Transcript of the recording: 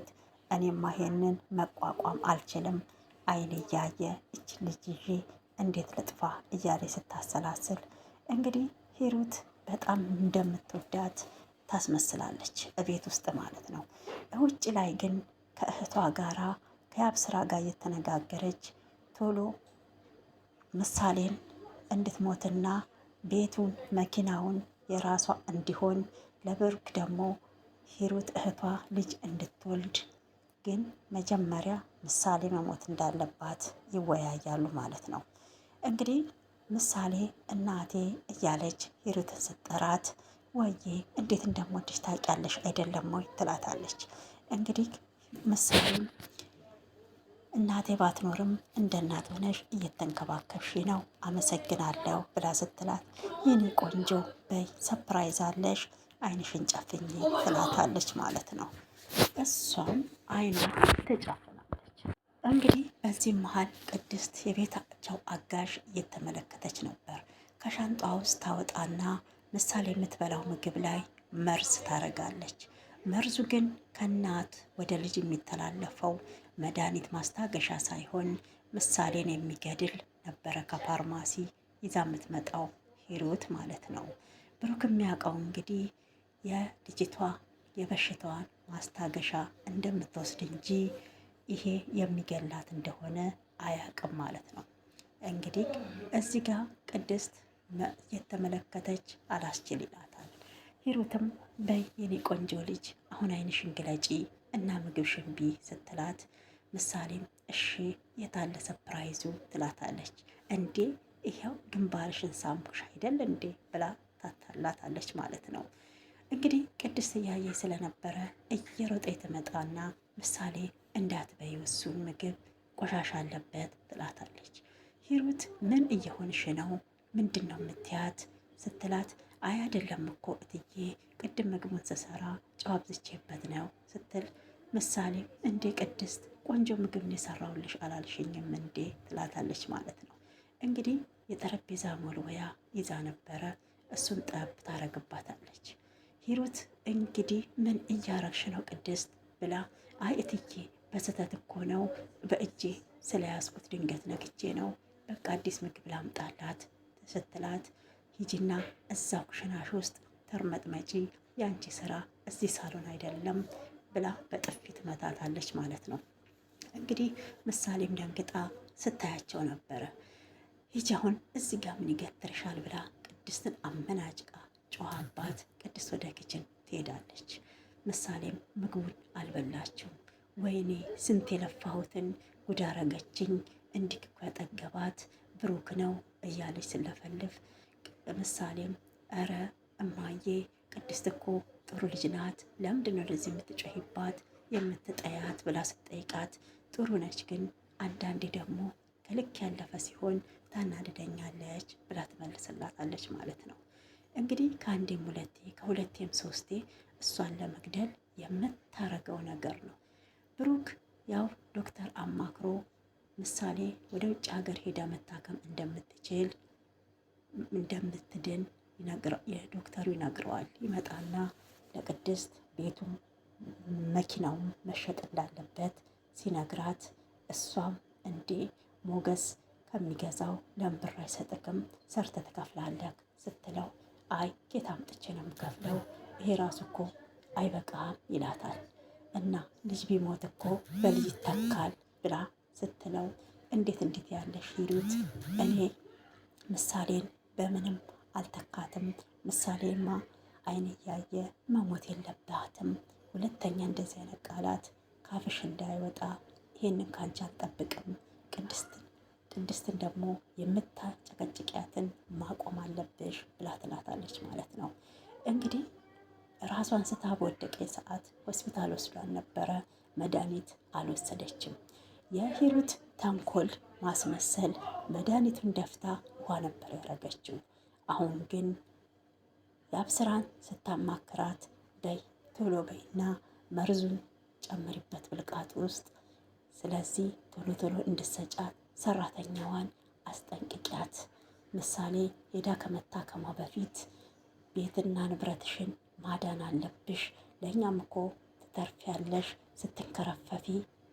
ያሉት። እኔማ ይሄንን መቋቋም አልችልም። አይን እያየ እች ልጅ ይዤ እንዴት ልጥፋ እያለ ስታሰላስል እንግዲህ ሂሩት በጣም እንደምትወዳት ታስመስላለች፣ እቤት ውስጥ ማለት ነው። ውጭ ላይ ግን ከእህቷ ጋራ ከያብስራ ጋር እየተነጋገረች ቶሎ ምሳሌን እንድትሞትና ቤቱን መኪናውን የራሷ እንዲሆን ለብሩክ ደግሞ ሂሩት እህቷ ልጅ እንድትወልድ ግን መጀመሪያ ምሳሌ መሞት እንዳለባት ይወያያሉ ማለት ነው። እንግዲህ ምሳሌ እናቴ እያለች ሂሩትን ስጠራት ወዬ እንዴት እንደምወድሽ ታውቂያለሽ አይደለም ወይ ትላታለች። እንግዲህ ምሳሌ እናቴ ባትኖርም እንደ እናት ሆነሽ እየተንከባከብሽ ነው አመሰግናለሁ ብላ ስትላት፣ የኔ ቆንጆ በይ ሰፕራይዝ አለሽ አይንሽን ጨፍኝ ትላታለች ማለት ነው። እሷም አይኗ ተጨፍናለች። እንግዲህ በዚህ መሀል ቅድስት የቤታቸው አጋዥ እየተመለከተች ነበር። ከሻንጧ ውስጥ ታወጣና ምሳሌ የምትበላው ምግብ ላይ መርዝ ታደርጋለች። መርዙ ግን ከእናት ወደ ልጅ የሚተላለፈው መድኃኒት ማስታገሻ ሳይሆን ምሳሌን የሚገድል ነበረ። ከፋርማሲ ይዛ የምትመጣው ሂሩት ማለት ነው። ብሩክ የሚያውቀው እንግዲህ የልጅቷ የበሽታዋን ማስታገሻ እንደምትወስድ እንጂ ይሄ የሚገላት እንደሆነ አያውቅም ማለት ነው። እንግዲህ እዚህ ጋር ቅድስት የተመለከተች አላስችል ይላታል። ሂሩትም በይ የኔ ቆንጆ ልጅ አሁን ዓይንሽን ግለጪ እና ምግብ ሽንቢ ስትላት ምሳሌም እሺ የታለ ሰፕራይዙ ትላታለች። እንዴ ይኸው ግንባርሽን ሳምኩሽ አይደል እንዴ ብላ ታታላታለች ማለት ነው። እንግዲህ ቅድስት እያየ ስለነበረ እየሮጠ የተመጣና ምሳሌ እንዳትበይ እሱን ምግብ ቆሻሻ አለበት ትላታለች። ሂሩት ምን እየሆንሽ ነው? ምንድን ነው የምትያት? ስትላት አይ አይደለም እኮ እትዬ ቅድም ምግቡን ስሰራ ጨው አብዝቼበት ነው ስትል ምሳሌ እንዴ ቅድስት ቆንጆ ምግብ የሰራውልሽ አላልሽኝም እንዴ ትላታለች ማለት ነው። እንግዲህ የጠረጴዛ ሞልወያ ይዛ ነበረ እሱን ጠብ ታረግባታለች። ሂሩት እንግዲህ ምን እያረግሽ ነው ቅድስት ብላ አይ እትዬ በስህተት እኮ ነው በእጄ ስለያዝኩት ድንገት ነግቼ ነው በቃ አዲስ ምግብ ላምጣላት ስትላት ሂጂና እዛ ኩሽናሽ ውስጥ ተርመጥመጪ የአንቺ ስራ እዚህ ሳሎን አይደለም ብላ በጥፊ ትመታታለች ማለት ነው። እንግዲህ ምሳሌም ደንግጣ ስታያቸው ነበረ። ሂጂ አሁን እዚህ ጋር ምን ይገትርሻል ብላ ቅድስትን አመናጭቃ አባት ቅድስት ወደ ክችን ትሄዳለች። ምሳሌም ምግቡን አልበላችውም። ወይኔ ስንት የለፋሁትን ጉዳረገችኝ አረገችኝ፣ እንዲህ እኮ ያጠገባት ብሩክ ነው እያለች ስለፈልፍ ምሳሌም እረ እማዬ ቅድስት እኮ ጥሩ ልጅ ናት፣ ለምንድን ነው ለዚህ የምትጮሂባት የምትጠያት ብላ ስትጠይቃት ጥሩ ነች፣ ግን አንዳንዴ ደግሞ ከልክ ያለፈ ሲሆን ታናድደኛለች ብላ ትመልስላታለች ማለት ነው። እንግዲህ ከአንዴም ሁለቴ ከሁለቴም ሶስቴ እሷን ለመግደል የምታረገው ነገር ነው። ብሩክ ያው ዶክተር አማክሮ ምሳሌ ወደ ውጭ ሀገር ሄዳ መታከም እንደምትችል እንደምትድን ዶክተሩ ይነግረዋል። ይመጣና ለቅድስት ቤቱም መኪናውም መሸጥ እንዳለበት ሲነግራት እሷም እንዴ ሞገስ ከሚገዛው ለምብር አይሰጥክም? ሰርተ ትከፍላለህ ስትለው አይ ጌታ አምጥቼ ነው የምከፍለው ይሄ ራሱ እኮ አይበቃም ይላታል። እና ልጅ ቢሞት እኮ በልጅ ይተካል ብላ ስትለው እንዴት እንዴት ያለሽ ሂሩት እኔ ምሳሌን በምንም አልተካትም። ምሳሌማ አይን እያየ መሞት የለባትም። ሁለተኛ እንደዚህ አይነት ቃላት ካፍሽ እንዳይወጣ ይሄንን ካንቺ አልጠብቅም ቅድስት ቅድስትን ደግሞ የምታጨቀጭቂያትን ማቆም አለብሽ ብላ ትላታለች ማለት ነው። እንግዲህ ራሷን ስታ በወደቀ ሰዓት ሆስፒታል ወስዷን ነበረ። መድኃኒት አልወሰደችም። የሂሩት ተንኮል ማስመሰል መድኃኒቱን ደፍታ ውሃ ነበር ያደረገችው። አሁን ግን የአብስራን ስታማክራት በይ ቶሎ በይና መርዙን ጨምሪበት ብልቃት ውስጥ ስለዚህ ቶሎ ቶሎ እንድሰጫት ሰራተኛዋን አስጠንቅቂያት። ምሳሌ ሄዳ ከመታከሟ በፊት ቤትና ንብረትሽን ማዳን አለብሽ፣ ለእኛም እኮ ትተርፊያለሽ ስትንከረፈፊ